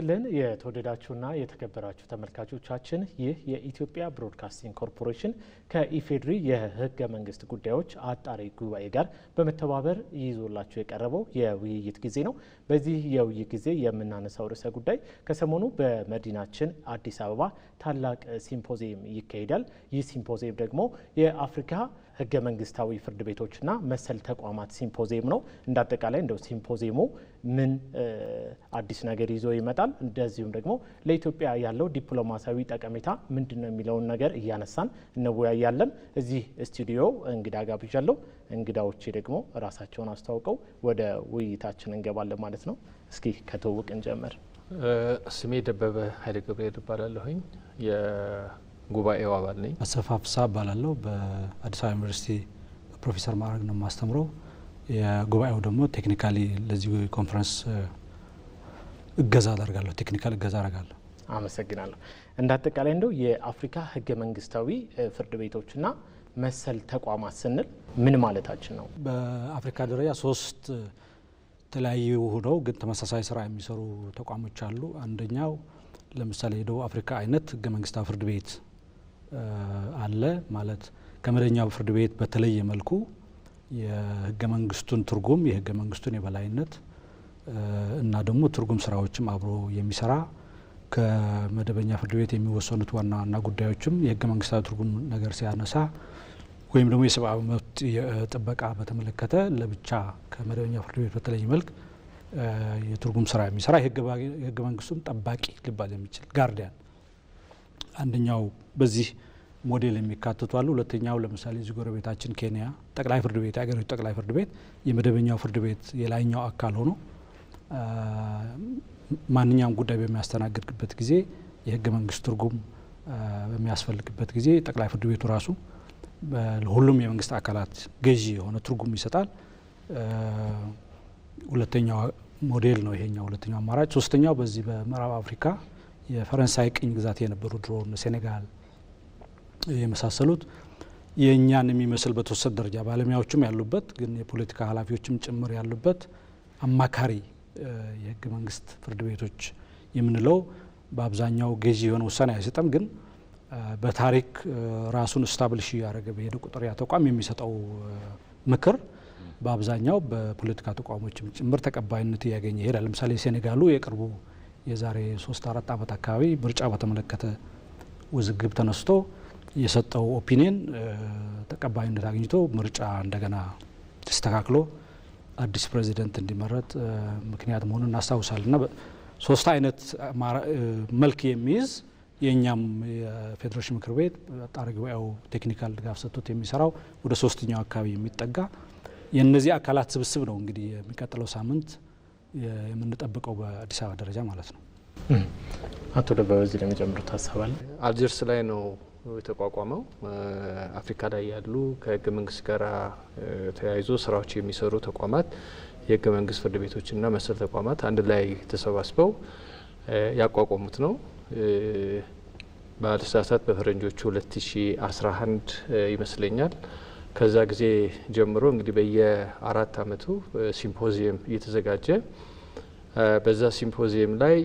ይስጥልን የተወደዳችሁና የተከበራችሁ ተመልካቾቻችን፣ ይህ የኢትዮጵያ ብሮድካስቲንግ ኮርፖሬሽን ከኢፌድሪ የሕገ መንግስት ጉዳዮች አጣሪ ጉባኤ ጋር በመተባበር ይዞላችሁ የቀረበው የውይይት ጊዜ ነው። በዚህ የውይይት ጊዜ የምናነሳው ርዕሰ ጉዳይ ከሰሞኑ በመዲናችን አዲስ አበባ ታላቅ ሲምፖዚየም ይካሄዳል። ይህ ሲምፖዚየም ደግሞ የአፍሪካ ህገ መንግስታዊ ፍርድ ቤቶችና መሰል ተቋማት ሲምፖዚየም ነው። እንደ አጠቃላይ እንደው ሲምፖዚየሙ ምን አዲስ ነገር ይዞ ይመጣል፣ እንደዚሁም ደግሞ ለኢትዮጵያ ያለው ዲፕሎማሲያዊ ጠቀሜታ ምንድን ነው የሚለውን ነገር እያነሳን እንወያያለን። እዚህ ስቱዲዮ እንግዳ ጋብዣለሁ። እንግዳዎቼ ደግሞ ራሳቸውን አስተዋውቀው ወደ ውይይታችን እንገባለን ማለት ነው። እስኪ ከትውውቅ እንጀምር። ስሜ ደበበ ኃይለ ገብርኤል እባላለሁኝ። ጉባኤው አባል ነኝ። አሰፋ ፍስሀ እባላለሁ። በአዲስ አበባ ዩኒቨርሲቲ ፕሮፌሰር ማዕረግ ነው የማስተምረው። የጉባኤው ደግሞ ቴክኒካሊ ለዚህ ኮንፈረንስ እገዛ አደርጋለሁ፣ ቴክኒካል እገዛ አደርጋለሁ። አመሰግናለሁ። እንደ አጠቃላይ እንደው የአፍሪካ ህገ መንግስታዊ ፍርድ ቤቶችና መሰል ተቋማት ስንል ምን ማለታችን ነው? በአፍሪካ ደረጃ ሶስት የተለያዩ ሆነው ግን ተመሳሳይ ስራ የሚሰሩ ተቋሞች አሉ። አንደኛው ለምሳሌ የደቡብ አፍሪካ አይነት ህገ መንግስታዊ ፍርድ ቤት አለ ማለት ከመደበኛው ፍርድ ቤት በተለየ መልኩ የህገ መንግስቱን ትርጉም የህገ መንግስቱን የበላይነት እና ደግሞ ትርጉም ስራዎችም አብሮ የሚሰራ ከመደበኛ ፍርድ ቤት የሚወሰኑት ዋና ዋና ጉዳዮችም የህገ መንግስታዊ ትርጉም ነገር ሲያነሳ ወይም ደግሞ የሰብአዊ መብት ጥበቃ በተመለከተ ለብቻ ከመደበኛ ፍርድ ቤት በተለየ መልክ የትርጉም ስራ የሚሰራ የህገ መንግስቱም ጠባቂ ሊባል የሚችል ጋርዲያን አንደኛው በዚህ ሞዴል የሚካተቱ አሉ። ሁለተኛው ለምሳሌ እዚህ ጎረቤታችን ኬንያ ጠቅላይ ፍርድ ቤት የሀገሪቱ ጠቅላይ ፍርድ ቤት የመደበኛው ፍርድ ቤት የላይኛው አካል ሆኖ ማንኛውም ጉዳይ በሚያስተናግድበት ጊዜ የህገ መንግስት ትርጉም በሚያስፈልግበት ጊዜ ጠቅላይ ፍርድ ቤቱ ራሱ ሁሉም የመንግስት አካላት ገዢ የሆነ ትርጉም ይሰጣል። ሁለተኛው ሞዴል ነው ይሄኛው ሁለተኛው አማራጭ። ሶስተኛው በዚህ በምዕራብ አፍሪካ የፈረንሳይ ቅኝ ግዛት የነበሩ ድሮን ሴኔጋል የመሳሰሉት የእኛን የሚመስል በተወሰነ ደረጃ ባለሙያዎችም ያሉበት ግን የፖለቲካ ኃላፊዎችም ጭምር ያሉበት አማካሪ የህገ መንግስት ፍርድ ቤቶች የምንለው በአብዛኛው ገዢ የሆነ ውሳኔ አይሰጠም፣ ግን በታሪክ ራሱን እስታብልሽ ያደረገ በሄደ ቁጥር ያ ተቋም የሚሰጠው ምክር በአብዛኛው በፖለቲካ ተቋሞችም ጭምር ተቀባይነት እያገኘ ይሄዳል። ለምሳሌ ሴኔጋሉ የቅርቡ የዛሬ ሶስት አራት ዓመት አካባቢ ምርጫ በተመለከተ ውዝግብ ተነስቶ የሰጠው ኦፒኒየን ተቀባይነት አግኝቶ ምርጫ እንደገና ተስተካክሎ አዲስ ፕሬዚደንት እንዲመረጥ ምክንያት መሆኑን እናስታውሳለን። እና ሶስት አይነት መልክ የሚይዝ የእኛም የፌዴሬሽን ምክር ቤት አጣሪ ጉባኤው ቴክኒካል ድጋፍ ሰጥቶት የሚሰራው ወደ ሶስተኛው አካባቢ የሚጠጋ የእነዚህ አካላት ስብስብ ነው እንግዲህ የሚቀጥለው ሳምንት የምንጠብቀው በአዲስ አበባ ደረጃ ማለት ነው። አቶ ደበበ በዚህ ለሚጨምሩት ሀሳብ አለ። አልጀርስ ላይ ነው የተቋቋመው። አፍሪካ ላይ ያሉ ከህገ መንግስት ጋር ተያይዞ ስራዎች የሚሰሩ ተቋማት የህገ መንግስት ፍርድ ቤቶችና መሰል ተቋማት አንድ ላይ ተሰባስበው ያቋቋሙት ነው። ባለስሳሳት በፈረንጆቹ 2011 ይመስለኛል ከዛ ጊዜ ጀምሮ እንግዲህ በየአራት አመቱ ሲምፖዚየም እየተዘጋጀ በዛ ሲምፖዚየም ላይ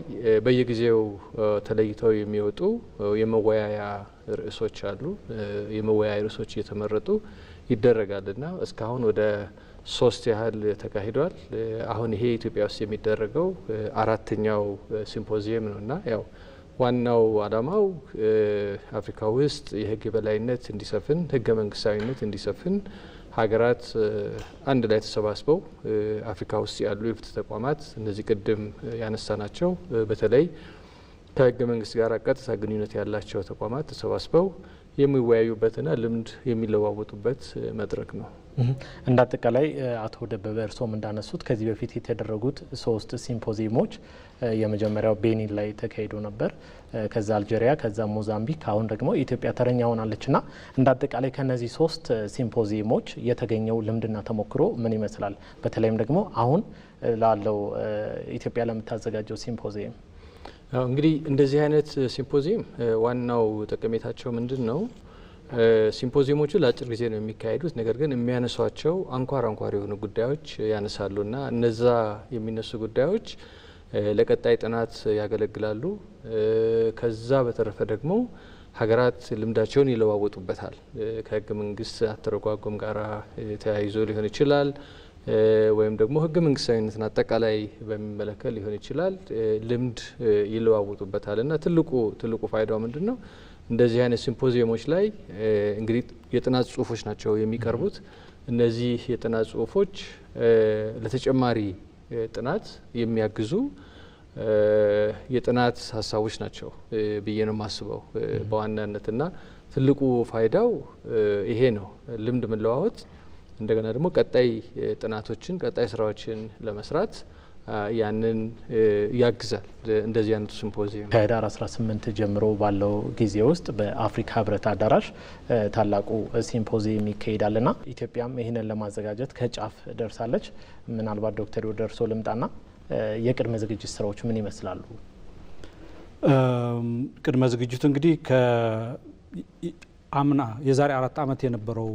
በየጊዜው ተለይተው የሚወጡ የመወያያ ርዕሶች አሉ። የመወያያ ርዕሶች እየተመረጡ ይደረጋል ና እስካሁን ወደ ሶስት ያህል ተካሂዷል። አሁን ይሄ ኢትዮጵያ ውስጥ የሚደረገው አራተኛው ሲምፖዚየም ነው ና ያው ዋናው አላማው አፍሪካ ውስጥ የህግ የበላይነት እንዲሰፍን፣ ህገ መንግስታዊነት እንዲሰፍን ሀገራት አንድ ላይ ተሰባስበው አፍሪካ ውስጥ ያሉ የፍትህ ተቋማት እነዚህ ቅድም ያነሳ ናቸው በተለይ ከህገ መንግስት ጋር ቀጥታ ግንኙነት ያላቸው ተቋማት ተሰባስበው የሚወያዩበትና ልምድ የሚለዋወጡበት መድረክ ነው። እንዳጠቃላይ አቶ ደበበ እርሶም እንዳነሱት ከዚህ በፊት የተደረጉት ሶስት ሲምፖዚየሞች የመጀመሪያው ቤኒን ላይ ተካሂዶ ነበር፣ ከዛ አልጄሪያ፣ ከዛ ሞዛምቢክ፣ አሁን ደግሞ ኢትዮጵያ ተረኛ ሆናለች እና እንዳጠቃላይ አጠቃላይ ከእነዚህ ሶስት ሲምፖዚየሞች የተገኘው ልምድና ተሞክሮ ምን ይመስላል? በተለይም ደግሞ አሁን ላለው ኢትዮጵያ ለምታዘጋጀው ሲምፖዚየም እንግዲህ እንደዚህ አይነት ሲምፖዚየም ዋናው ጠቀሜታቸው ምንድን ነው? ሲምፖዚየሞቹ ለአጭር ጊዜ ነው የሚካሄዱት። ነገር ግን የሚያነሷቸው አንኳር አንኳር የሆኑ ጉዳዮች ያነሳሉ እና እነዛ የሚነሱ ጉዳዮች ለቀጣይ ጥናት ያገለግላሉ። ከዛ በተረፈ ደግሞ ሀገራት ልምዳቸውን ይለዋወጡበታል። ከህገ መንግስት አተረጓጎም ጋር ተያይዞ ሊሆን ይችላል ወይም ደግሞ ህገ መንግስታዊነትን አጠቃላይ በሚመለከት ሊሆን ይችላል። ልምድ ይለዋወጡበታል እና ትልቁ ትልቁ ፋይዳው ምንድን ነው? እንደዚህ አይነት ሲምፖዚየሞች ላይ እንግዲህ የጥናት ጽሁፎች ናቸው የሚቀርቡት። እነዚህ የጥናት ጽሁፎች ለተጨማሪ ጥናት የሚያግዙ የጥናት ሀሳቦች ናቸው ብዬ ነው የማስበው በዋናነት እና ትልቁ ፋይዳው ይሄ ነው፣ ልምድ መለዋወጥ፣ እንደገና ደግሞ ቀጣይ ጥናቶችን ቀጣይ ስራዎችን ለመስራት ያንን ያግዛል። እንደዚህ አይነቱ ሲምፖዚየም ከህዳር 18 ጀምሮ ባለው ጊዜ ውስጥ በአፍሪካ ህብረት አዳራሽ ታላቁ ሲምፖዚየም ይካሄዳል ና ኢትዮጵያም ይህንን ለማዘጋጀት ከጫፍ ደርሳለች። ምናልባት ዶክተር ደርሶ ልምጣና የቅድመ ዝግጅት ስራዎች ምን ይመስላሉ? ቅድመ ዝግጅቱ እንግዲህ አምና የዛሬ አራት ዓመት የነበረው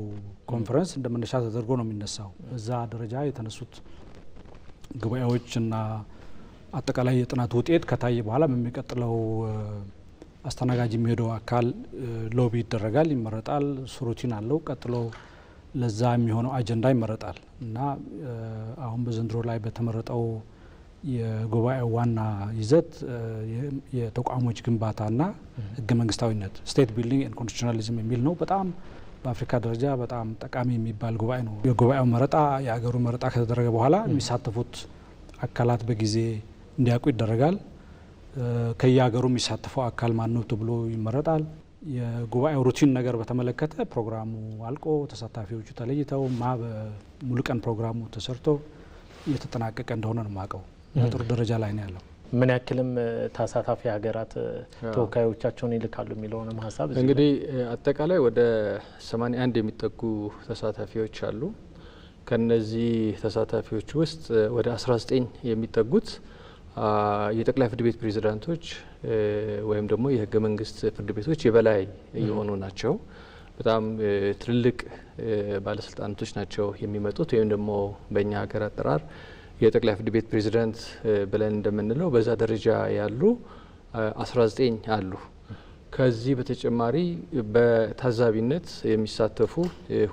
ኮንፈረንስ እንደ መነሻ ተደርጎ ነው የሚነሳው። እዛ ደረጃ የተነሱት ጉባኤዎችና አጠቃላይ የጥናት ውጤት ከታየ በኋላ በሚቀጥለው አስተናጋጅ የሚሄደው አካል ሎቢ ይደረጋል፣ ይመረጣል። ሱሩቲን አለው። ቀጥሎ ለዛ የሚሆነው አጀንዳ ይመረጣል እና አሁን በዘንድሮ ላይ በተመረጠው የጉባኤው ዋና ይዘት የተቋሞች ግንባታና ህገ መንግስታዊነት ስቴት ቢልዲንግ ኤንድ ኮንስቲቱሽናሊዝም የሚል ነው በጣም በአፍሪካ ደረጃ በጣም ጠቃሚ የሚባል ጉባኤ ነው። የጉባኤው መረጣ የሀገሩ መረጣ ከተደረገ በኋላ የሚሳተፉት አካላት በጊዜ እንዲያውቁ ይደረጋል። ከየሀገሩ የሚሳተፈው አካል ማን ተብሎ ይመረጣል። የጉባኤው ሩቲን ነገር በተመለከተ ፕሮግራሙ አልቆ ተሳታፊዎቹ ተለይተው ማ በሙሉ ቀን ፕሮግራሙ ተሰርቶ እየተጠናቀቀ እንደሆነ ነው የማውቀው። በጥሩ ደረጃ ላይ ነው ያለው። ምን ያክልም ተሳታፊ ሀገራት ተወካዮቻቸውን ይልካሉ የሚለውንም ሀሳብ እንግዲህ አጠቃላይ ወደ 81 የሚጠጉ ተሳታፊዎች አሉ። ከነዚህ ተሳታፊዎች ውስጥ ወደ 19 የሚጠጉት የጠቅላይ ፍርድ ቤት ፕሬዚዳንቶች ወይም ደግሞ የህገ መንግስት ፍርድ ቤቶች የበላይ የሆኑ ናቸው። በጣም ትልልቅ ባለስልጣናቶች ናቸው የሚመጡት ወይም ደግሞ በእኛ ሀገር አጠራር የጠቅላይ ፍርድ ቤት ፕሬዚዳንት ብለን እንደምንለው በዛ ደረጃ ያሉ 19 አሉ። ከዚህ በተጨማሪ በታዛቢነት የሚሳተፉ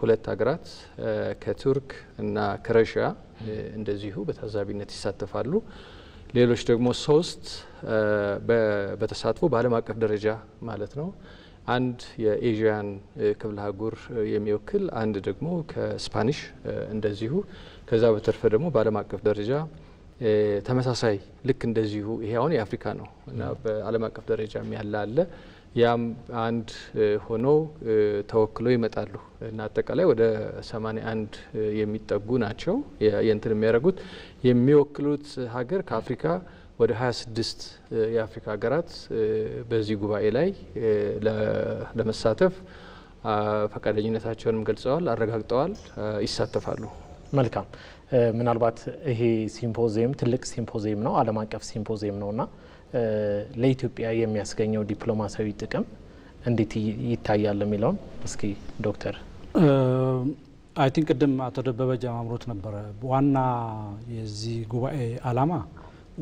ሁለት ሀገራት ከቱርክ እና ከረሽያ እንደዚሁ በታዛቢነት ይሳተፋሉ። ሌሎች ደግሞ ሶስት በተሳትፎ በዓለም አቀፍ ደረጃ ማለት ነው። አንድ የኤዥያን ክፍለ አህጉር የሚወክል አንድ ደግሞ ከስፓኒሽ እንደዚሁ ከዛ በተረፈ ደግሞ በዓለም አቀፍ ደረጃ ተመሳሳይ ልክ እንደዚሁ ይሄ አሁን የአፍሪካ ነው እና በዓለም አቀፍ ደረጃ ያለ አለ ያም አንድ ሆኖ ተወክሎ ይመጣሉ እና አጠቃላይ ወደ 81 የሚጠጉ ናቸው። የንትን የሚያደርጉት የሚወክሉት ሀገር ከአፍሪካ ወደ 26 የአፍሪካ ሀገራት በዚህ ጉባኤ ላይ ለመሳተፍ ፈቃደኝነታቸውንም ገልጸዋል፣ አረጋግጠዋል፣ ይሳተፋሉ። መልካም ምናልባት ይሄ ሲምፖዚየም ትልቅ ሲምፖዚየም ነው፣ ዓለም አቀፍ ሲምፖዚየም ነው እና ለኢትዮጵያ የሚያስገኘው ዲፕሎማሲያዊ ጥቅም እንዴት ይታያል የሚለውን እስኪ ዶክተር አይ ቲንክ ቅድም አቶ ደበበ ጀማምሮት ነበረ። ዋና የዚህ ጉባኤ ዓላማ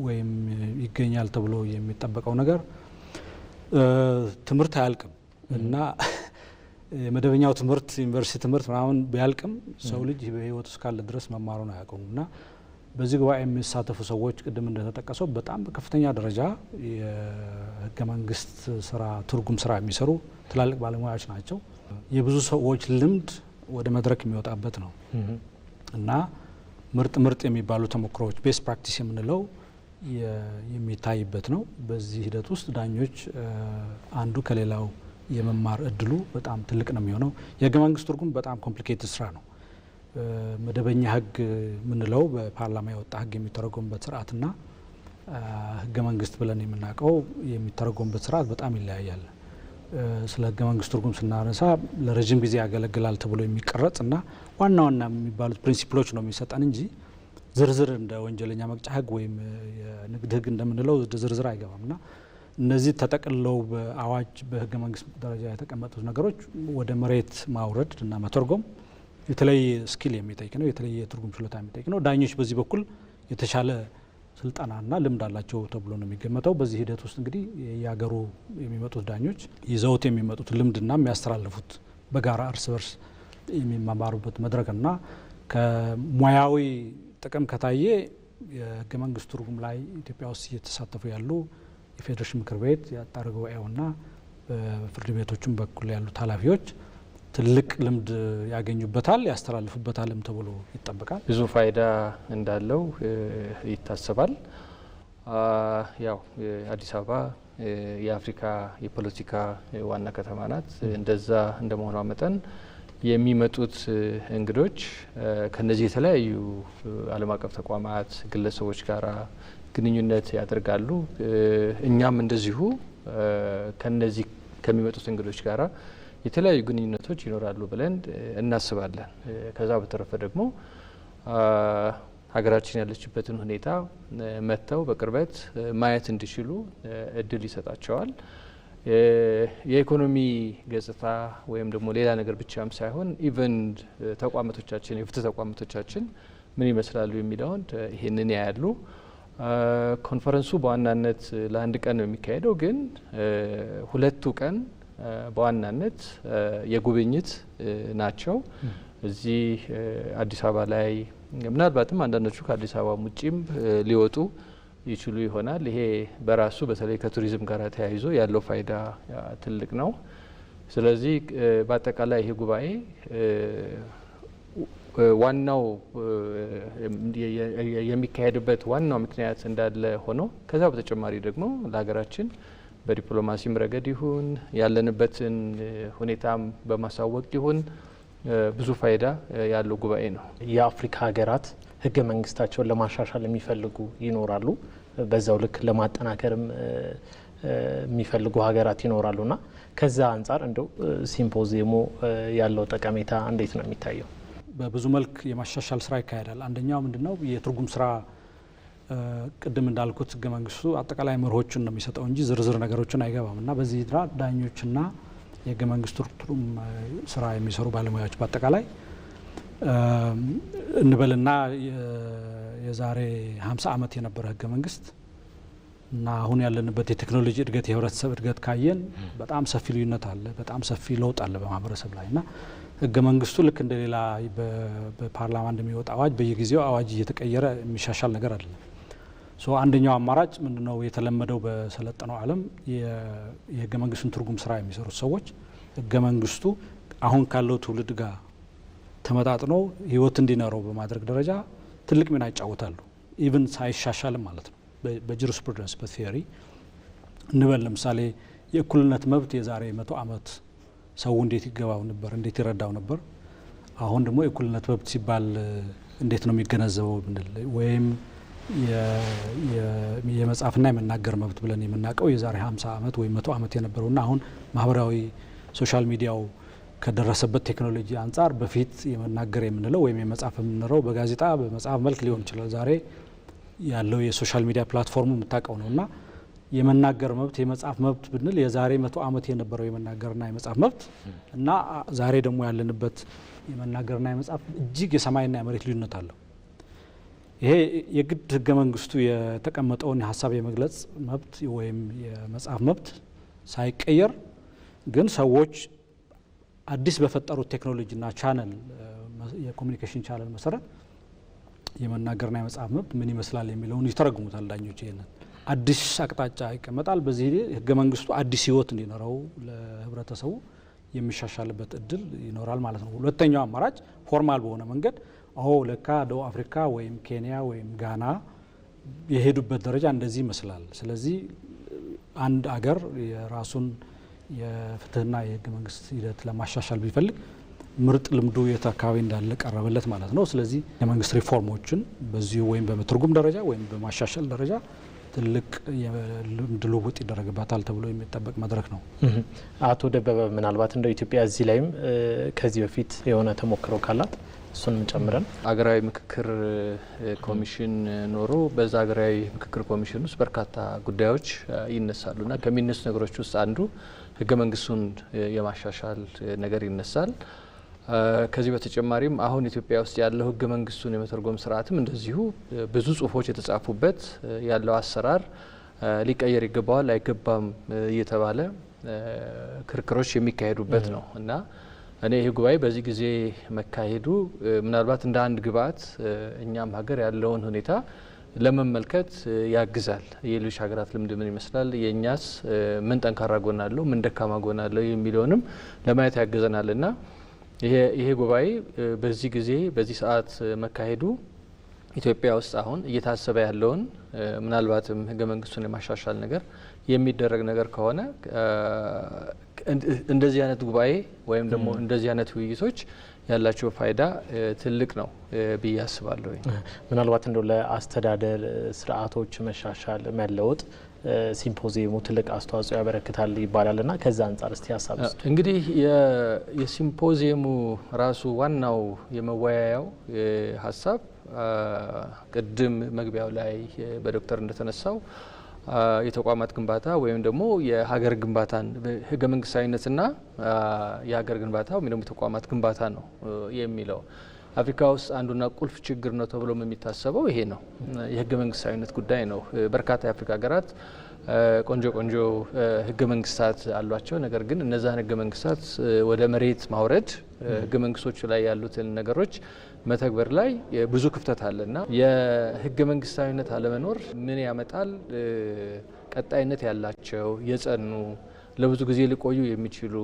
ወይም ይገኛል ተብሎ የሚጠበቀው ነገር ትምህርት አያልቅም እና የመደበኛው ትምህርት ዩኒቨርሲቲ ትምህርት ምናምን ቢያልቅም ሰው ልጅ በህይወት እስካለ ድረስ መማሩን አያቆሙም እና በዚህ ጉባኤ የሚሳተፉ ሰዎች ቅድም እንደተጠቀሰው በጣም በከፍተኛ ደረጃ የህገ መንግስት ስራ ትርጉም ስራ የሚሰሩ ትላልቅ ባለሙያዎች ናቸው። የብዙ ሰዎች ልምድ ወደ መድረክ የሚወጣበት ነው እና ምርጥ ምርጥ የሚባሉ ተሞክሮዎች ቤስት ፕራክቲስ የምንለው የሚታይበት ነው። በዚህ ሂደት ውስጥ ዳኞች አንዱ ከሌላው የመማር እድሉ በጣም ትልቅ ነው የሚሆነው። የህገ መንግስት ትርጉም በጣም ኮምፕሊኬትድ ስራ ነው። መደበኛ ህግ የምንለው በፓርላማ የወጣ ህግ የሚተረጎምበት ስርዓትና ህገ መንግስት ብለን የምናውቀው የሚተረጎምበት ስርዓት በጣም ይለያያል። ስለ ህገ መንግስት ትርጉም ስናነሳ ለረዥም ጊዜ ያገለግላል ተብሎ የሚቀረጽ እና ዋና ዋና የሚባሉት ፕሪንሲፕሎች ነው የሚሰጠን እንጂ ዝርዝር እንደ ወንጀለኛ መቅጫ ህግ ወይም የንግድ ህግ እንደምንለው ዝርዝር አይገባም እና እነዚህ ተጠቅልለው በአዋጅ በህገ መንግስት ደረጃ የተቀመጡት ነገሮች ወደ መሬት ማውረድ እና መተርጎም የተለየ ስኪል የሚጠይቅ ነው፣ የተለየ የትርጉም ችሎታ የሚጠይቅ ነው። ዳኞች በዚህ በኩል የተሻለ ስልጠናና ልምድ አላቸው ተብሎ ነው የሚገመተው። በዚህ ሂደት ውስጥ እንግዲህ የሀገሩ የሚመጡት ዳኞች ይዘውት የሚመጡት ልምድና የሚያስተላልፉት በጋራ እርስ በርስ የሚማማሩበት መድረክና ከሙያዊ ጥቅም ከታየ የህገ መንግስት ትርጉም ላይ ኢትዮጵያ ውስጥ እየተሳተፉ ያሉ የፌዴሬሽን ምክር ቤት የአጣሪ ጉባኤውና በፍርድ ቤቶችም በኩል ያሉት ኃላፊዎች ትልቅ ልምድ ያገኙበታል ያስተላልፉበታልም ተብሎ ይጠበቃል። ብዙ ፋይዳ እንዳለው ይታሰባል። ያው አዲስ አበባ የአፍሪካ የፖለቲካ ዋና ከተማ ናት። እንደዛ እንደመሆኗ መጠን የሚመጡት እንግዶች ከነዚህ የተለያዩ ዓለም አቀፍ ተቋማት፣ ግለሰቦች ጋራ ግንኙነት ያደርጋሉ። እኛም እንደዚሁ ከነዚህ ከሚመጡት እንግዶች ጋራ የተለያዩ ግንኙነቶች ይኖራሉ ብለን እናስባለን። ከዛ በተረፈ ደግሞ ሀገራችን ያለችበትን ሁኔታ መጥተው በቅርበት ማየት እንዲችሉ እድል ይሰጣቸዋል። የኢኮኖሚ ገጽታ ወይም ደግሞ ሌላ ነገር ብቻም ሳይሆን ኢቨን ተቋማቶቻችን የፍትህ ተቋማቶቻችን ምን ይመስላሉ የሚለውን ይህንን ያያሉ። ኮንፈረንሱ በዋናነት ለአንድ ቀን ነው የሚካሄደው፣ ግን ሁለቱ ቀን በዋናነት የጉብኝት ናቸው። እዚህ አዲስ አበባ ላይ ምናልባትም አንዳንዶቹ ከአዲስ አበባ ውጭም ሊወጡ ይችሉ ይሆናል። ይሄ በራሱ በተለይ ከቱሪዝም ጋር ተያይዞ ያለው ፋይዳ ትልቅ ነው። ስለዚህ በአጠቃላይ ይሄ ጉባኤ ዋናው የሚካሄድበት ዋናው ምክንያት እንዳለ ሆኖ ከዛ በተጨማሪ ደግሞ ለሀገራችን በዲፕሎማሲም ረገድ ይሁን ያለንበትን ሁኔታም በማሳወቅ ይሁን ብዙ ፋይዳ ያለው ጉባኤ ነው። የአፍሪካ ሀገራት ህገ መንግስታቸውን ለማሻሻል የሚፈልጉ ይኖራሉ። በዛው ልክ ለማጠናከርም የሚፈልጉ ሀገራት ይኖራሉና ከዛ አንጻር እንደው ሲምፖዚየሙ ያለው ጠቀሜታ እንዴት ነው የሚታየው? በብዙ መልክ የማሻሻል ስራ ይካሄዳል። አንደኛው ምንድነው የትርጉም ስራ ቅድም እንዳልኩት ህገ መንግስቱ አጠቃላይ መርሆችን ነው የሚሰጠው እንጂ ዝርዝር ነገሮችን አይገባም እና በዚህ ድራ ዳኞችና የህገ መንግስት ትርጉም ስራ የሚሰሩ ባለሙያዎች በአጠቃላይ እንበልና የዛሬ 50 ዓመት የነበረ ህገ መንግስት እና አሁን ያለንበት የቴክኖሎጂ እድገት የህብረተሰብ እድገት ካየን በጣም ሰፊ ልዩነት አለ፣ በጣም ሰፊ ለውጥ አለ በማህበረሰብ ላይ እና ህገ መንግስቱ ልክ እንደሌላ በፓርላማ እንደሚወጣ አዋጅ በየጊዜው አዋጅ እየተቀየረ የሚሻሻል ነገር አይደለም። አንደኛው አማራጭ ምንድነው? የተለመደው በሰለጠነው ዓለም የህገ መንግስቱን ትርጉም ስራ የሚሰሩት ሰዎች ህገ መንግስቱ አሁን ካለው ትውልድ ጋር ተመጣጥኖ ህይወት እንዲኖረው በማድረግ ደረጃ ትልቅ ሚና ይጫወታሉ። ኢቭን ሳይሻሻልም ማለት ነው። በጁሪስፕሩደንስ በቲዮሪ እንበል ለምሳሌ የእኩልነት መብት የዛሬ መቶ ዓመት ሰው እንዴት ይገባው ነበር? እንዴት ይረዳው ነበር? አሁን ደግሞ የእኩልነት መብት ሲባል እንዴት ነው የሚገነዘበው ብንል ወይም የመጻፍና የመናገር መብት ብለን የምናውቀው የዛሬ 50 ዓመት ወይም መቶ ዓመት የነበረውና አሁን ማህበራዊ ሶሻል ሚዲያው ከደረሰበት ቴክኖሎጂ አንጻር በፊት የመናገር የምንለው ወይም የመጻፍ የምንለው በጋዜጣ በመጽሐፍ መልክ ሊሆን ይችላል። ዛሬ ያለው የሶሻል ሚዲያ ፕላትፎርሙ የምታውቀው ነው እና የመናገር መብት የመጻፍ መብት ብንል የዛሬ መቶ ዓመት የነበረው የመናገርና የመጻፍ መብት እና ዛሬ ደግሞ ያለንበት የመናገርና የመጻፍ እጅግ የሰማይና የመሬት ልዩነት አለው። ይሄ የግድ ህገ መንግስቱ የተቀመጠውን የሀሳብ የመግለጽ መብት ወይም የመጻፍ መብት ሳይቀየር ግን ሰዎች አዲስ በፈጠሩት ቴክኖሎጂና ቻነል የኮሚኒኬሽን ቻነል መሰረት የመናገርና የመጻፍ መብት ምን ይመስላል የሚለውን ይተረጉሙታል ዳኞች ይሄንን አዲስ አቅጣጫ ይቀመጣል። በዚህ ህገ መንግስቱ አዲስ ህይወት እንዲኖረው ለህብረተሰቡ የሚሻሻልበት እድል ይኖራል ማለት ነው። ሁለተኛው አማራጭ ፎርማል በሆነ መንገድ አዎ ለካ ደቡብ አፍሪካ ወይም ኬንያ ወይም ጋና የሄዱበት ደረጃ እንደዚህ ይመስላል። ስለዚህ አንድ አገር የራሱን የፍትህና የህገ መንግስት ሂደት ለማሻሻል ቢፈልግ ምርጥ ልምዱ የት አካባቢ እንዳለ ቀረበለት ማለት ነው። ስለዚህ የመንግስት ሪፎርሞችን በዚሁ ወይም በመተርጉም ደረጃ ወይም በማሻሻል ደረጃ ትልቅ የልምድ ልውውጥ ይደረግባታል ተብሎ የሚጠበቅ መድረክ ነው። አቶ ደበበ ምናልባት እንደ ኢትዮጵያ እዚህ ላይም ከዚህ በፊት የሆነ ተሞክሮ ካላት እሱንም ጨምረን አገራዊ ምክክር ኮሚሽን ኖሮ በዛ አገራዊ ምክክር ኮሚሽን ውስጥ በርካታ ጉዳዮች ይነሳሉና ከሚነሱ ነገሮች ውስጥ አንዱ ህገ መንግስቱን የማሻሻል ነገር ይነሳል። ከዚህ በተጨማሪም አሁን ኢትዮጵያ ውስጥ ያለው ህገ መንግስቱን የመተርጎም ስርዓትም እንደዚሁ ብዙ ጽሁፎች የተጻፉበት ያለው አሰራር ሊቀየር ይገባዋል አይገባም እየተባለ ክርክሮች የሚካሄዱበት ነው እና እኔ ይህ ጉባኤ በዚህ ጊዜ መካሄዱ ምናልባት እንደ አንድ ግብአት እኛም ሀገር ያለውን ሁኔታ ለመመልከት ያግዛል። የሌሎች ሀገራት ልምድ ምን ይመስላል፣ የእኛስ ምን ጠንካራ ጎናለሁ፣ ምን ደካማ ጎናለሁ የሚለውንም ለማየት ያግዘናል እና ይሄ ጉባኤ በዚህ ጊዜ በዚህ ሰዓት መካሄዱ ኢትዮጵያ ውስጥ አሁን እየታሰበ ያለውን ምናልባትም ህገ መንግስቱን የማሻሻል ነገር የሚደረግ ነገር ከሆነ እንደዚህ አይነት ጉባኤ ወይም ደግሞ እንደዚህ አይነት ውይይቶች ያላቸው ፋይዳ ትልቅ ነው ብዬ አስባለሁ። ምናልባት እንደው ለአስተዳደር ስርዓቶች መሻሻል መለወጥ ሲምፖዚየሙ ትልቅ አስተዋጽኦ ያበረክታል ይባላል እና ከዛ አንጻር እስቲ ሀሳብ እንግዲህ የሲምፖዚየሙ ራሱ ዋናው የመወያያው ሀሳብ ቅድም መግቢያው ላይ በዶክተር እንደተነሳው የተቋማት ግንባታ ወይም ደግሞ የሀገር ግንባታን ህገ መንግስታዊነትና የሀገር ግንባታ ወይም ደግሞ የተቋማት ግንባታ ነው የሚለው አፍሪካ ውስጥ አንዱና ቁልፍ ችግር ነው ተብሎም የሚታሰበው ይሄ ነው። የህገ መንግስታዊነት ጉዳይ ነው። በርካታ የአፍሪካ ሀገራት ቆንጆ ቆንጆ ህገ መንግስታት አሏቸው። ነገር ግን እነዛን ህገ መንግስታት ወደ መሬት ማውረድ ህገ መንግስቶቹ ላይ ያሉትን ነገሮች መተግበር ላይ ብዙ ክፍተት አለና የህገ መንግስታዊነት አለመኖር ምን ያመጣል? ቀጣይነት ያላቸው የጸኑ ለብዙ ጊዜ ሊቆዩ የሚችሉ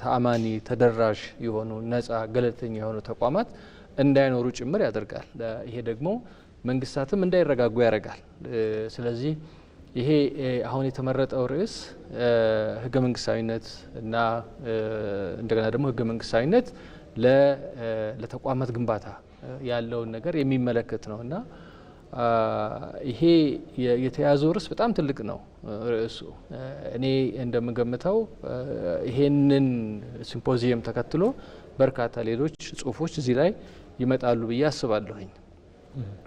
ተአማኒ፣ ተደራሽ የሆኑ ነፃ፣ ገለልተኛ የሆኑ ተቋማት እንዳይኖሩ ጭምር ያደርጋል። ይሄ ደግሞ መንግስታትም እንዳይረጋጉ ያደርጋል። ስለዚህ ይሄ አሁን የተመረጠው ርዕስ ህገ መንግስታዊነት እና እንደገና ደግሞ ህገ መንግስታዊነት ለተቋማት ግንባታ ያለውን ነገር የሚመለከት ነው እና ይሄ የተያዘው ርዕስ በጣም ትልቅ ነው። ርዕሱ እኔ እንደምገምተው ይሄንን ሲምፖዚየም ተከትሎ በርካታ ሌሎች ጽሁፎች እዚህ ላይ ይመጣሉ ብዬ አስባለሁኝ።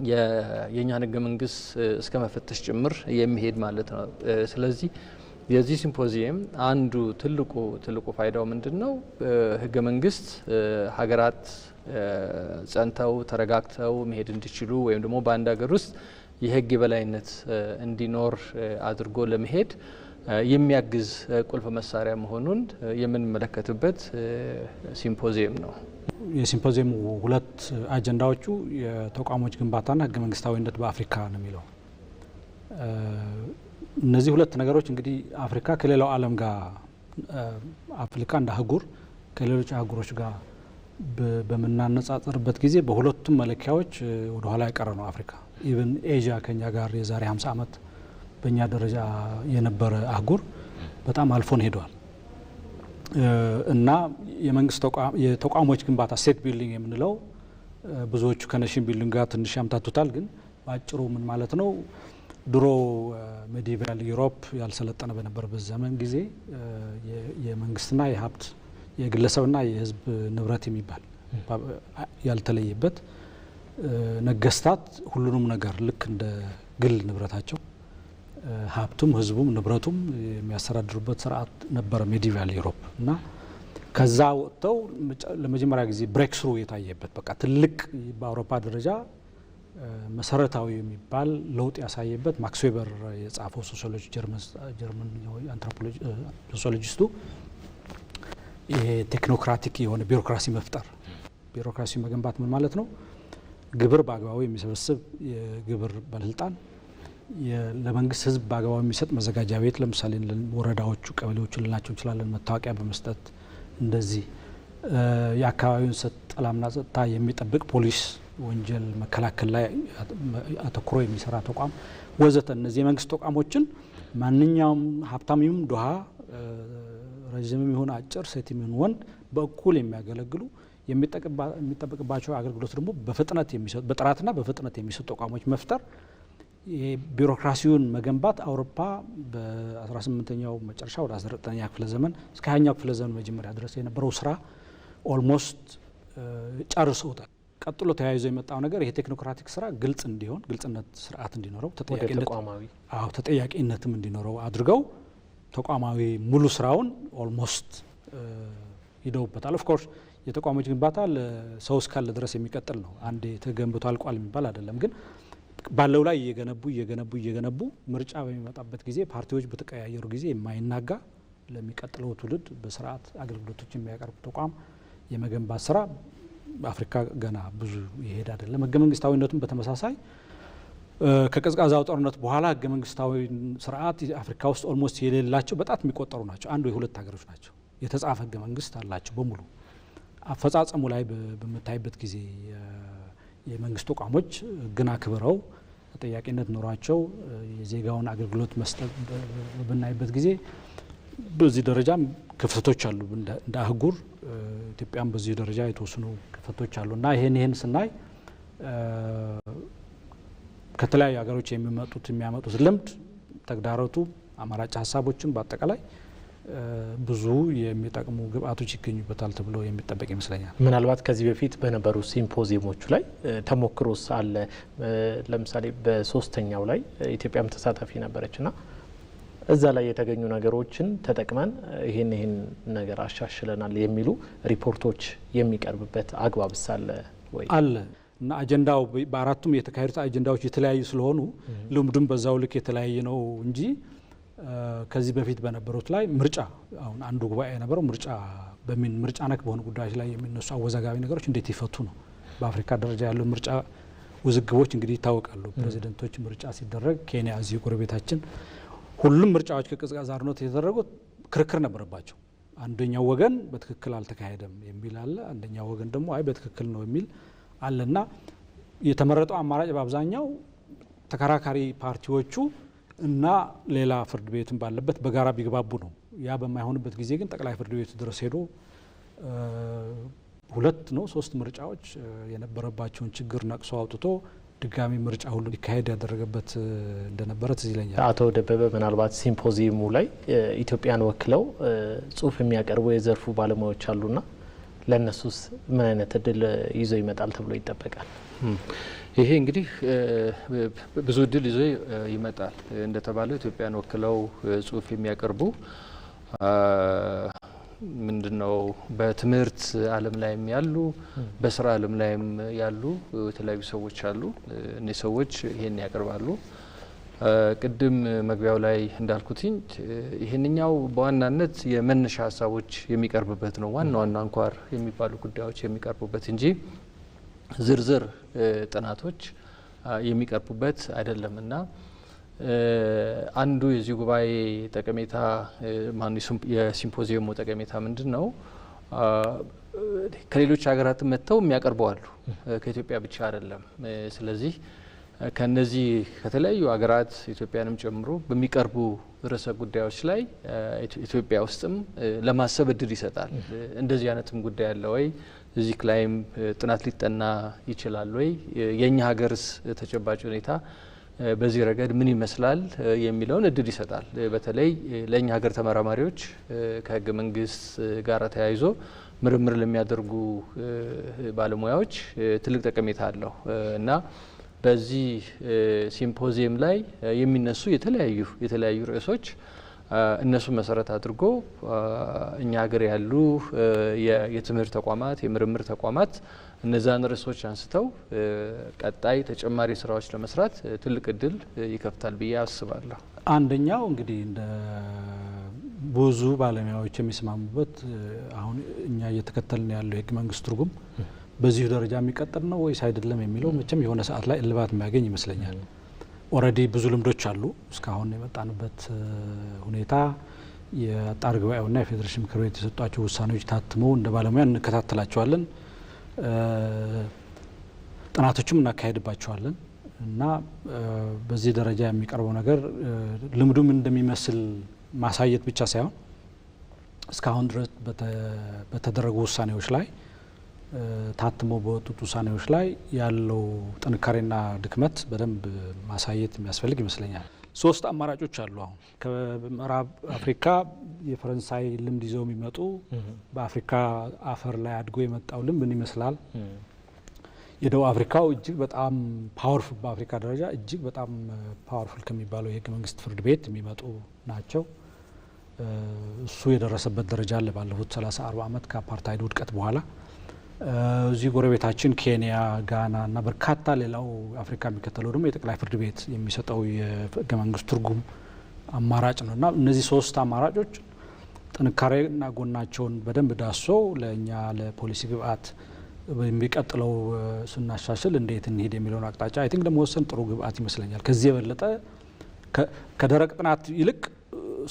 የእኛን ህገ መንግስት እስከ መፈተሽ ጭምር የሚሄድ ማለት ነው። ስለዚህ የዚህ ሲምፖዚየም አንዱ ትልቁ ትልቁ ፋይዳው ምንድን ነው? ህገ መንግስት ሀገራት ጸንተው ተረጋግተው መሄድ እንዲችሉ ወይም ደግሞ በአንድ ሀገር ውስጥ የህግ የበላይነት እንዲኖር አድርጎ ለመሄድ የሚያግዝ ቁልፍ መሳሪያ መሆኑን የምንመለከትበት ሲምፖዚየም ነው። የሲምፖዚየሙ ሁለት አጀንዳዎቹ የተቋሞች ግንባታና ህገ መንግስታዊነት በአፍሪካ ነው የሚለው እነዚህ ሁለት ነገሮች እንግዲህ አፍሪካ ከሌላው ዓለም ጋር አፍሪካ እንደ አህጉር ከሌሎች አህጉሮች ጋር በምናነጻጽርበት ጊዜ በሁለቱም መለኪያዎች ወደ ኋላ የቀረ ነው። አፍሪካ ኢቨን ኤዥያ ከኛ ጋር የዛሬ 50 ዓመት በእኛ ደረጃ የነበረ አህጉር በጣም አልፎን ሄደዋል እና የመንግስት የተቋሞች ግንባታ ሴት ቢልዲንግ የምንለው ብዙዎቹ ከነሽን ቢልዲንግ ጋር ትንሽ ያምታቱታል። ግን በአጭሩ ምን ማለት ነው? ድሮ ሜዲቫል ዩሮፕ ያልሰለጠነ በነበረበት ዘመን ጊዜ የመንግስትና የሀብት የግለሰብና የህዝብ ንብረት የሚባል ያልተለየበት ነገስታት ሁሉንም ነገር ልክ እንደ ግል ንብረታቸው ሀብቱም ህዝቡም ንብረቱም የሚያስተዳድሩበት ስርዓት ነበረ ሜዲቫል ዩሮፕ እና ከዛ ወጥተው ለመጀመሪያ ጊዜ ብሬክ ስሩ የታየበት በቃ ትልቅ በአውሮፓ ደረጃ መሰረታዊ የሚባል ለውጥ ያሳየበት ማክስ ዌበር የጻፈው ሶሲዮሎጂ ጀርመን ሶሲዮሎጂስቱ ይሄ ቴክኖክራቲክ የሆነ ቢሮክራሲ መፍጠር ቢሮክራሲ መገንባት ምን ማለት ነው? ግብር በአግባቡ የሚሰበስብ የግብር ባለስልጣን፣ ለመንግስት ህዝብ በአግባቡ የሚሰጥ መዘጋጃ ቤት፣ ለምሳሌ ወረዳዎቹ፣ ቀበሌዎቹ ልናቸው እንችላለን፣ መታወቂያ በመስጠት እንደዚህ የአካባቢውን ሰላምና ጸጥታ የሚጠብቅ ፖሊስ ወንጀል መከላከል ላይ አተኩሮ የሚሰራ ተቋም ወዘተ። እነዚህ የመንግስት ተቋሞችን ማንኛውም ሀብታም ይሁን ድሃ፣ ረዥምም ይሁን አጭር፣ ሴትም ይሁን ወንድ በእኩል የሚያገለግሉ የሚጠበቅባቸው አገልግሎት ደግሞ በፍጥነት የሚሰጡ በጥራትና በፍጥነት የሚሰጡ ተቋሞች መፍጠር የቢሮክራሲውን መገንባት አውሮፓ በ18ኛው መጨረሻ ወደ 19ኛ ክፍለ ዘመን እስከ 20ኛው ክፍለ ዘመን መጀመሪያ ድረስ የነበረው ስራ ኦልሞስት ጨርሰውታል። ቀጥሎ ተያይዞ የመጣው ነገር ይሄ ቴክኖክራቲክ ስራ ግልጽ እንዲሆን ግልጽነት ስርዓት እንዲኖረው ተጠያቂነትም እንዲኖረው አድርገው ተቋማዊ ሙሉ ስራውን ኦልሞስት ይደውበታል። ኦፍኮርስ የተቋሞች ግንባታ ሰው እስካለ ድረስ የሚቀጥል ነው። አንዴ ተገንብቶ አልቋል የሚባል አይደለም። ግን ባለው ላይ እየገነቡ እየገነቡ እየገነቡ ምርጫ በሚመጣበት ጊዜ ፓርቲዎች በተቀያየሩ ጊዜ የማይናጋ ለሚቀጥለው ትውልድ በስርዓት አገልግሎቶች የሚያቀርቡ ተቋም የመገንባት ስራ አፍሪካ ገና ብዙ ይሄድ አይደለም። ህገ መንግስታዊነቱን በተመሳሳይ ከቀዝቃዛው ጦርነት በኋላ ህገ መንግስታዊ ስርዓት አፍሪካ ውስጥ ኦልሞስት የሌላቸው በጣት የሚቆጠሩ ናቸው። አንዱ የሁለት ሀገሮች ናቸው። የተጻፈ ህገ መንግስት አላቸው በሙሉ። አፈጻጸሙ ላይ በምታይበት ጊዜ የመንግስት ተቋሞች ህግን አክብረው ተጠያቂነት ኖሯቸው የዜጋውን አገልግሎት መስጠት በምናይበት ጊዜ በዚህ ደረጃም ክፍተቶች አሉ። እንደ አህጉር ኢትዮጵያም በዚህ ደረጃ የተወሰኑ ክፍተቶች አሉ እና ይህን ይህን ስናይ ከተለያዩ ሀገሮች የሚመጡት የሚያመጡት ልምድ ተግዳሮቱ፣ አማራጭ ሀሳቦችን በአጠቃላይ ብዙ የሚጠቅሙ ግብአቶች ይገኙበታል ተብሎ የሚጠበቅ ይመስለኛል። ምናልባት ከዚህ በፊት በነበሩ ሲምፖዚየሞቹ ላይ ተሞክሮስ አለ? ለምሳሌ በሶስተኛው ላይ ኢትዮጵያም ተሳታፊ ና እዛ ላይ የተገኙ ነገሮችን ተጠቅመን ይህን ይህን ነገር አሻሽለናል የሚሉ ሪፖርቶች የሚቀርብበት አግባብ ሳለ ወይ አለ እና አጀንዳው በአራቱም የተካሄዱት አጀንዳዎች የተለያዩ ስለሆኑ ልምዱም በዛው ልክ የተለያየ ነው እንጂ ከዚህ በፊት በነበሩት ላይ ምርጫ አሁን አንዱ ጉባኤ የነበረው ምርጫ በሚን ምርጫ ነክ በሆኑ ጉዳዮች ላይ የሚነሱ አወዛጋቢ ነገሮች እንዴት ይፈቱ ነው። በአፍሪካ ደረጃ ያለው ምርጫ ውዝግቦች እንግዲህ ይታወቃሉ። ፕሬዚደንቶች ምርጫ ሲደረግ ኬንያ እዚህ ጎረቤታችን ሁሉም ምርጫዎች ከቅዝቃዜ አድኖት የተደረጉት ክርክር ነበረባቸው። አንደኛው ወገን በትክክል አልተካሄደም የሚል አለ፣ አንደኛው ወገን ደግሞ አይ በትክክል ነው የሚል አለ የተመረጠው አማራጭ በአብዛኛው ተከራካሪ ፓርቲዎቹ እና ሌላ ፍርድ ቤትን ባለበት በጋራ ቢግባቡ ነው። ያ በማይሆንበት ጊዜ ግን ጠቅላይ ፍርድ ቤቱ ድረስ ሄዶ ሁለት ነው ሶስት ምርጫዎች የነበረባቸውን ችግር ነቅሶ አውጥቶ ድጋሚ ምርጫ ሁሉ ሊካሄድ ያደረገበት እንደነበረ ትዝ ይለኛል። አቶ ደበበ ምናልባት ሲምፖዚየሙ ላይ ኢትዮጵያን ወክለው ጽሁፍ የሚያቀርቡ የዘርፉ ባለሙያዎች አሉና ለእነሱስ ምን አይነት እድል ይዞ ይመጣል ተብሎ ይጠበቃል? ይሄ እንግዲህ ብዙ እድል ይዞ ይመጣል። እንደተባለው ኢትዮጵያን ወክለው ጽሁፍ የሚያቀርቡ ምንድነው በትምህርት አለም ላይም ያሉ በስራ አለም ላይም ያሉ የተለያዩ ሰዎች አሉ። እነዚህ ሰዎች ይሄን ያቀርባሉ። ቅድም መግቢያው ላይ እንዳልኩትኝ ይህንኛው በዋናነት የመነሻ ሀሳቦች የሚቀርብበት ነው። ዋና ዋና አንኳር የሚባሉ ጉዳዮች የሚቀርቡበት እንጂ ዝርዝር ጥናቶች የሚቀርቡበት አይደለም እና አንዱ የዚህ ጉባኤ ጠቀሜታ የሲምፖዚየሙ ጠቀሜታ ምንድን ነው? ከሌሎች ሀገራት መጥተው የሚያቀርበዋሉ አሉ፣ ከኢትዮጵያ ብቻ አይደለም። ስለዚህ ከነዚህ ከተለያዩ ሀገራት ኢትዮጵያንም ጨምሮ በሚቀርቡ ርዕሰ ጉዳዮች ላይ ኢትዮጵያ ውስጥም ለማሰብ እድል ይሰጣል። እንደዚህ አይነትም ጉዳይ አለ ወይ? እዚህ ላይም ጥናት ሊጠና ይችላል ወይ? የእኛ ሀገርስ ተጨባጭ ሁኔታ በዚህ ረገድ ምን ይመስላል የሚለውን እድል ይሰጣል። በተለይ ለእኛ ሀገር ተመራማሪዎች ከህገ መንግስት ጋር ተያይዞ ምርምር ለሚያደርጉ ባለሙያዎች ትልቅ ጠቀሜታ አለው እና በዚህ ሲምፖዚየም ላይ የሚነሱ የተለያዩ የተለያዩ ርዕሶች እነሱን መሰረት አድርጎ እኛ ሀገር ያሉ የትምህርት ተቋማት የምርምር ተቋማት እነዛን ርዕሶች አንስተው ቀጣይ ተጨማሪ ስራዎች ለመስራት ትልቅ እድል ይከፍታል ብዬ አስባለሁ። አንደኛው እንግዲህ እንደ ብዙ ባለሙያዎች የሚስማሙበት አሁን እኛ እየተከተልን ያለው የህገ መንግስት ትርጉም በዚሁ ደረጃ የሚቀጥል ነው ወይስ አይደለም የሚለው መቼም የሆነ ሰዓት ላይ እልባት የሚያገኝ ይመስለኛል። ኦልሬዲ ብዙ ልምዶች አሉ። እስካሁን የመጣንበት ሁኔታ የአጣሪ ጉባኤውና የፌዴሬሽን ምክር ቤት የሰጧቸው ውሳኔዎች ታትሞ እንደ ባለሙያ እንከታተላቸዋለን። ጥናቶችም እናካሄድባቸዋለን እና በዚህ ደረጃ የሚቀርበው ነገር ልምዱም እንደሚመስል ማሳየት ብቻ ሳይሆን እስካሁን ድረስ በተደረጉ ውሳኔዎች ላይ ታትሞ በወጡት ውሳኔዎች ላይ ያለው ጥንካሬና ድክመት በደንብ ማሳየት የሚያስፈልግ ይመስለኛል። ሶስት አማራጮች አሉ። አሁን ከምዕራብ አፍሪካ የፈረንሳይ ልምድ ይዘው የሚመጡ በአፍሪካ አፈር ላይ አድጎ የመጣው ልምድ ምን ይመስላል? የደቡብ አፍሪካው እጅግ በጣም ፓወርፉል፣ በአፍሪካ ደረጃ እጅግ በጣም ፓወርፉል ከሚባለው የህገ መንግስት ፍርድ ቤት የሚመጡ ናቸው። እሱ የደረሰበት ደረጃ አለ። ባለፉት 30 40 ዓመት ከአፓርታይድ ውድቀት በኋላ እዚህ ጎረቤታችን ኬንያ፣ ጋና እና በርካታ ሌላው አፍሪካ የሚከተለው ደግሞ የጠቅላይ ፍርድ ቤት የሚሰጠው የህገ መንግስት ትርጉም አማራጭ ነው እና እነዚህ ሶስት አማራጮች ጥንካሬና ጎናቸውን በደንብ ዳሶ ለእኛ ለፖሊሲ ግብአት የሚቀጥለው ስናሻሽል እንዴት እንሄድ የሚለውን አቅጣጫ አይ ቲንክ ለመወሰን ጥሩ ግብአት ይመስለኛል። ከዚህ የበለጠ ከደረቅ ጥናት ይልቅ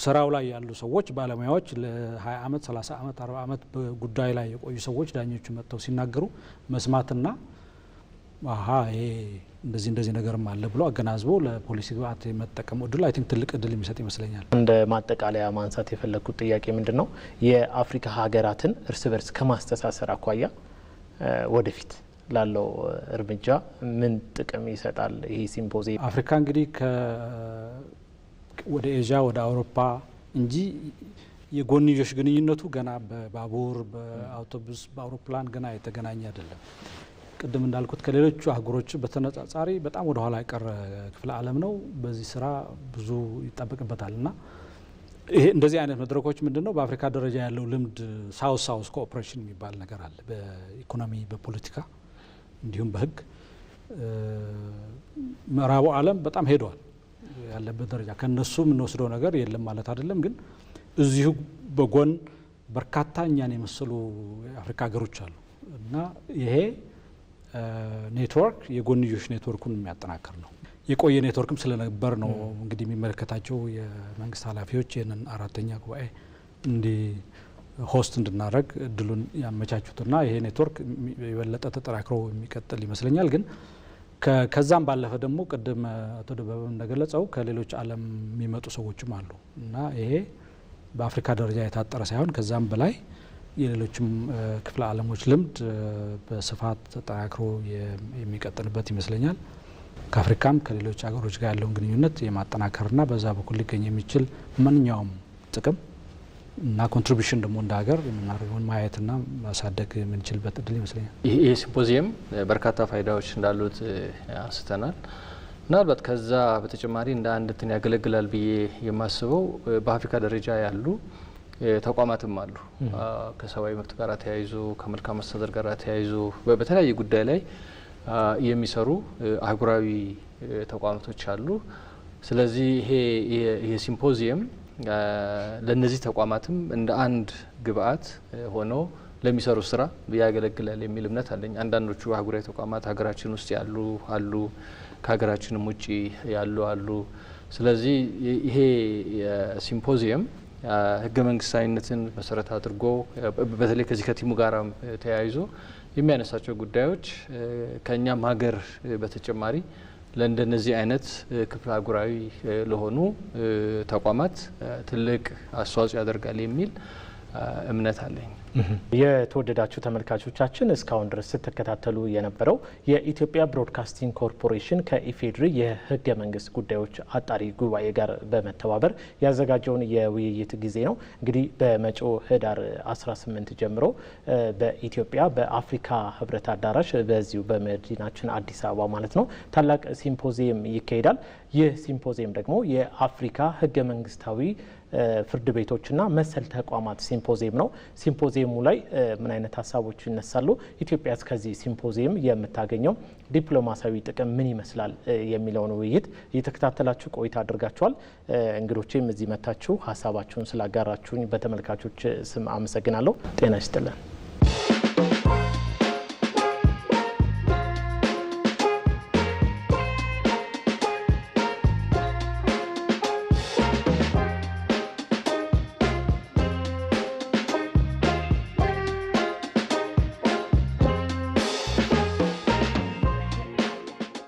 ስራው ላይ ያሉ ሰዎች ባለሙያዎች ለ20 ዓመት 30 ዓመት 40 ዓመት በጉዳይ ላይ የቆዩ ሰዎች ዳኞቹ መጥተው ሲናገሩ መስማትና አሀ ይሄ እንደዚህ እንደዚህ ነገርም አለ ብሎ አገናዝቦ ለፖሊሲ ግብአት የመጠቀሙ እድል አይ ቲንክ ትልቅ እድል የሚሰጥ ይመስለኛል። እንደ ማጠቃለያ ማንሳት የፈለግኩት ጥያቄ ምንድን ነው የአፍሪካ ሀገራትን እርስ በርስ ከማስተሳሰር አኳያ ወደፊት ላለው እርምጃ ምን ጥቅም ይሰጣል ይህ ሲምፖዚ አፍሪካ እንግዲህ ወደ ኤዥያ ወደ አውሮፓ እንጂ የጎንዮሽ ግንኙነቱ ገና በባቡር በአውቶቡስ በአውሮፕላን ገና የተገናኘ አይደለም። ቅድም እንዳልኩት ከሌሎቹ አህጉሮች በተነጻጻሪ በጣም ወደ ኋላ የቀረ ክፍለ ዓለም ነው። በዚህ ስራ ብዙ ይጠበቅበታል እና ይሄ እንደዚህ አይነት መድረኮች ምንድን ነው በአፍሪካ ደረጃ ያለው ልምድ ሳውስ ሳውስ ኮኦፕሬሽን የሚባል ነገር አለ። በኢኮኖሚ በፖለቲካ እንዲሁም በህግ ምዕራቡ ዓለም በጣም ሄደዋል። ያለበት ደረጃ ከነሱ የምንወስደው ነገር የለም ማለት አይደለም። ግን እዚሁ በጎን በርካታ እኛን የመሰሉ የአፍሪካ ሀገሮች አሉ እና ይሄ ኔትወርክ የጎንዮሽ ኔትወርኩን የሚያጠናክር ነው። የቆየ ኔትወርክም ስለነበር ነው እንግዲህ የሚመለከታቸው የመንግስት ኃላፊዎች ይህንን አራተኛ ጉባኤ እንዲ ሆስት እንድናደረግ እድሉን ያመቻቹትና ይሄ ኔትወርክ የበለጠ ተጠናክሮ የሚቀጥል ይመስለኛል ግን ከዛም ባለፈ ደግሞ ቅድም አቶ ደበበ እንደገለጸው ከሌሎች ዓለም የሚመጡ ሰዎችም አሉ እና ይሄ በአፍሪካ ደረጃ የታጠረ ሳይሆን ከዛም በላይ የሌሎችም ክፍለ ዓለሞች ልምድ በስፋት ተጠናክሮ የሚቀጥልበት ይመስለኛል። ከአፍሪካም ከሌሎች ሀገሮች ጋር ያለውን ግንኙነት የማጠናከርና በዛ በኩል ሊገኝ የሚችል ማንኛውም ጥቅም እና ኮንትሪቢሽን ደግሞ እንደ ሀገር የምናደርገውን ማየትና ማሳደግ የምንችልበት እድል ይመስለኛል። ይህ ሲምፖዚየም በርካታ ፋይዳዎች እንዳሉት አንስተናል። ምናልባት ከዛ በተጨማሪ እንደ አንድ እንትን ያገለግላል ብዬ የማስበው በአፍሪካ ደረጃ ያሉ ተቋማትም አሉ ከሰብአዊ መብት ጋር ተያይዞ ከመልካም አስተዳደር ጋር ተያይዞ በተለያየ ጉዳይ ላይ የሚሰሩ አህጉራዊ ተቋማቶች አሉ። ስለዚህ ይሄ ሲምፖዚየም ለነዚህ ተቋማትም እንደ አንድ ግብአት ሆኖ ለሚሰሩ ስራ ያገለግላል የሚል እምነት አለኝ። አንዳንዶቹ አህጉራዊ ተቋማት ሀገራችን ውስጥ ያሉ አሉ፣ ከሀገራችንም ውጭ ያሉ አሉ። ስለዚህ ይሄ ሲምፖዚየም ህገ መንግስታዊነትን መሰረት አድርጎ በተለይ ከዚህ ከቲሙ ጋር ተያይዞ የሚያነሳቸው ጉዳዮች ከእኛም ሀገር በተጨማሪ ለእንደነዚህ አይነት ክፍለ አህጉራዊ ለሆኑ ተቋማት ትልቅ አስተዋጽኦ ያደርጋል የሚል እምነት አለኝ። የተወደዳችሁ ተመልካቾቻችን እስካሁን ድረስ ስትከታተሉ የነበረው የኢትዮጵያ ብሮድካስቲንግ ኮርፖሬሽን ከኢፌድሪ የህገ መንግስት ጉዳዮች አጣሪ ጉባኤ ጋር በመተባበር ያዘጋጀውን የውይይት ጊዜ ነው። እንግዲህ በመጪው ህዳር 18 ጀምሮ በኢትዮጵያ በአፍሪካ ህብረት አዳራሽ በዚሁ በመዲናችን አዲስ አበባ ማለት ነው ታላቅ ሲምፖዚየም ይካሄዳል። ይህ ሲምፖዚየም ደግሞ የአፍሪካ ህገ መንግስታዊ ፍርድ ቤቶችና መሰል ተቋማት ሲምፖዚየም ነው። ሲምፖዚየሙ ላይ ምን አይነት ሀሳቦች ይነሳሉ? ኢትዮጵያ እስከዚህ ሲምፖዚየም የምታገኘው ዲፕሎማሲያዊ ጥቅም ምን ይመስላል? የሚለውን ውይይት እየተከታተላችሁ ቆይታ አድርጋችኋል። እንግዶቼም እዚህ መታችሁ ሀሳባችሁን ስላጋራችሁኝ በተመልካቾች ስም አመሰግናለሁ። ጤና ይስጥልን።